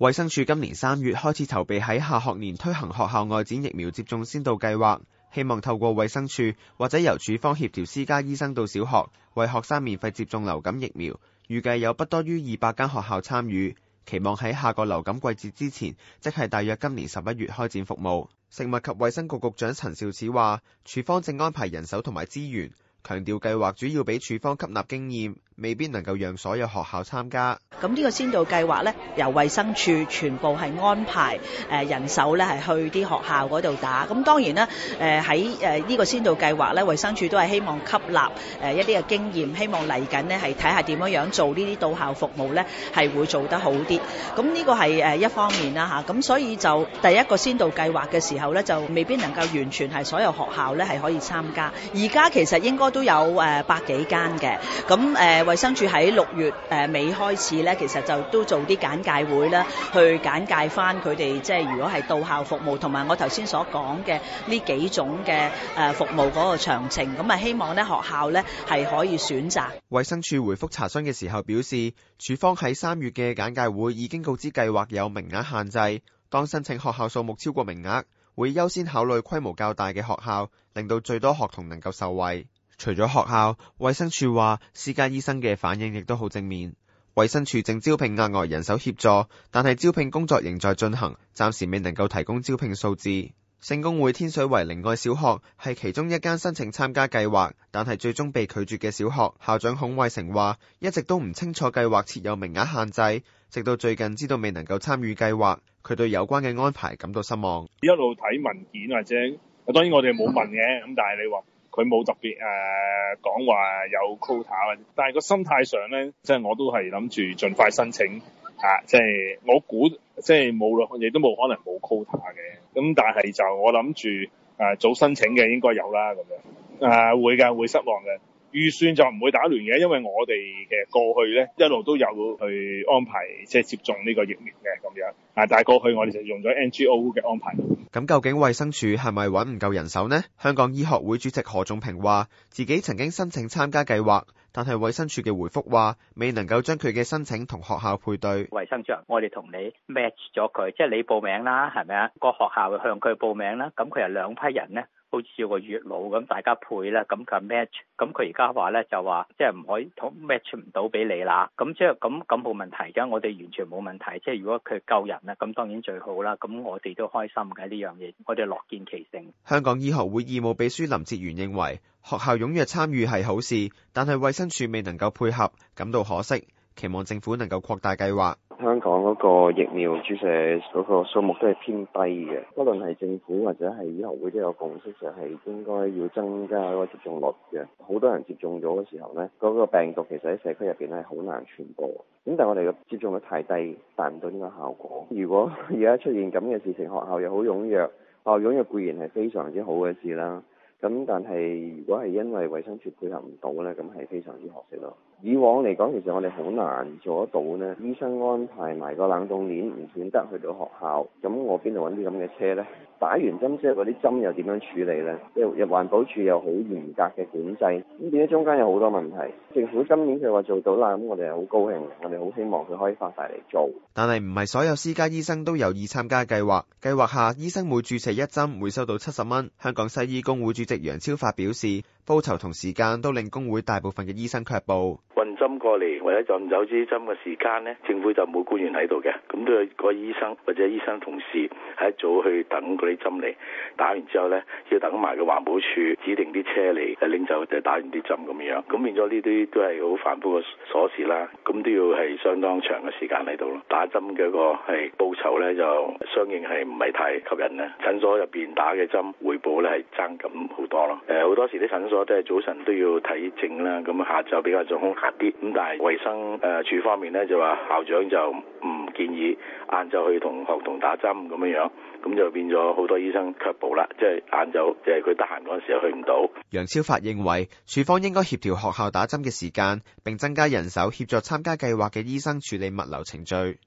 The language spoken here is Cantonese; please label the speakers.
Speaker 1: 衛生署今年三月開始籌備喺下學年推行學校外展疫苗接種先導計劃，希望透過衛生署或者由處方協調私家醫生到小學為學生免費接種流感疫苗，預計有不多於二百間學校參與，期望喺下個流感季節之前，即係大約今年十一月開展服務。食物及衛生局局長陳肇始話，處方正安排人手同埋資源，強調計劃主要俾處方吸納
Speaker 2: 經驗。未必能夠讓所有學校參加。咁呢個先導計劃呢，由衛生署全部係安排誒、呃、人手呢，係去啲學校嗰度打。咁當然啦，誒喺誒呢個先導計劃呢，衛生署都係希望吸納誒一啲嘅經驗，希望嚟緊呢係睇下點樣樣做呢啲到校服務呢，係會做得好啲。咁呢個係誒一方面啦吓，咁、啊、所以就第一個先導計劃嘅時候呢，就未必能夠完全係所有學校呢，係可以參加。而家其實應該都有誒百幾間嘅。咁誒。呃衛生署喺六月誒尾開始咧，其實就都做啲簡介會啦，去簡介返佢哋即係如果係到校服務，同埋我頭先所講嘅呢幾種嘅誒服務嗰個詳情。咁啊，希望呢學校呢係可以選擇。
Speaker 1: 衛生署回覆查詢嘅時候表示，署方喺三月嘅簡介會已經告知計劃有名額限制，當申請學校數目超過名額，會優先考慮規模較大嘅學校，令到最多學童能夠受惠。除咗學校，衛生署話私家醫生嘅反應亦都好正面。衛生署正招聘額外人手協助，但係招聘工作仍在進行，暫時未能夠提供招聘數字。聖公會天水圍靈愛小學係其中一間申請參加計劃，但係最終被拒絕嘅小學校長孔衛成話，一直都唔清楚計劃設有名額限制，直到最近知道未能夠參與計劃，佢對有關嘅安排感到失望。
Speaker 3: 一路睇文件或者，當然我哋冇問嘅，咁但係你話。佢冇特別誒、呃、講話有 quota 啊，但係個心態上咧，即係我都係諗住盡快申請嚇、啊，即係我估即係冇咯，亦都冇可能冇 quota 嘅。咁但係就我諗住誒早申請嘅應該有啦咁樣，誒、啊、會㗎會失望嘅。預算就唔會打亂嘅，因為我哋嘅過去呢一路都有去安排即係、就是、接種呢個疫苗嘅咁樣啊，但係過去我哋就用咗 NGO 嘅安排。
Speaker 1: 咁究竟衛生署係咪揾唔夠人手呢？香港醫學會主席何仲平話：自己曾經申請參加計劃，但係衛生署嘅回覆話，未能夠將佢嘅申請同學校配對。
Speaker 4: 衛生署，我哋同你 match 咗佢，即係你報名啦，係咪啊？個學校向佢報名啦，咁佢有兩批人呢。好似要個月老咁，大家配啦，咁嘅 match，咁佢而家話咧就話，即係唔可以同 match 唔到俾你啦，咁即係咁咁冇問題嘅，我哋完全冇問題，即係如果佢救人啦，咁當然最好啦，咁我哋都開心嘅呢樣嘢，我哋樂見其成。
Speaker 1: 香港醫學會義務秘書林哲元認為，學校踴躍參與係好事，但係衞生署未能夠配合，感到可惜。期望政府能夠擴大計劃。
Speaker 5: 香港嗰個疫苗注射嗰個數目都係偏低嘅，不論係政府或者係醫學會都有共識，就係應該要增加嗰個接種率嘅。好多人接種咗嘅時候咧，嗰個病毒其實喺社區入邊係好難傳播。咁但係我哋嘅接種率太低，達唔到呢個效果。如果而家出現咁嘅事情，學校又好踴躍，學校踴躍固然係非常之好嘅事啦。咁但係如果係因為衛生署配合唔到呢，咁係非常之可惜咯。以往嚟講，其實我哋好難做得到呢。醫生安排埋個冷凍鏈唔算得去到學校，咁我邊度揾啲咁嘅車呢？打完針之後嗰啲針又點樣處理呢？即係環保署有好嚴格嘅管制，咁變咗中間有好多問題。政府今年佢話做到啦，咁我哋好高興，我哋好希望佢可以發晒嚟做。
Speaker 1: 但係唔係所有私家醫生都有意參加計劃。計劃下醫生每注射一針會收到七十蚊。香港西醫工會主席楊超發表示，報酬同時間都令工會大部分嘅醫生卻步。
Speaker 4: 針過嚟或者浸走支針嘅時間呢，政府就冇官員喺度嘅，咁都係個醫生或者醫生同事喺一早去等嗰啲針嚟，打完之後呢，要等埋個環保署指定啲車嚟，拎走或者打完啲針咁樣，咁變咗呢啲都係好繁複嘅瑣事啦，咁都要係相當長嘅時間喺度咯。打針嘅一個係報酬呢，就相應係唔係太吸引呢。診所入邊打嘅針回報呢係爭咁好多咯。誒好多時啲診所都係早晨都要睇症啦，咁下晝比較早空咁但係衞生誒、呃、署方面咧就話校長就唔建議晏晝去同學童打針咁樣樣，咁就變咗好多醫生卻步啦，即係晏晝，即係佢得閒嗰陣時又去
Speaker 1: 唔到。楊超發認為，署方應該協調學校打針嘅時間，並增加人手協助參加計劃嘅醫生處理物流程序。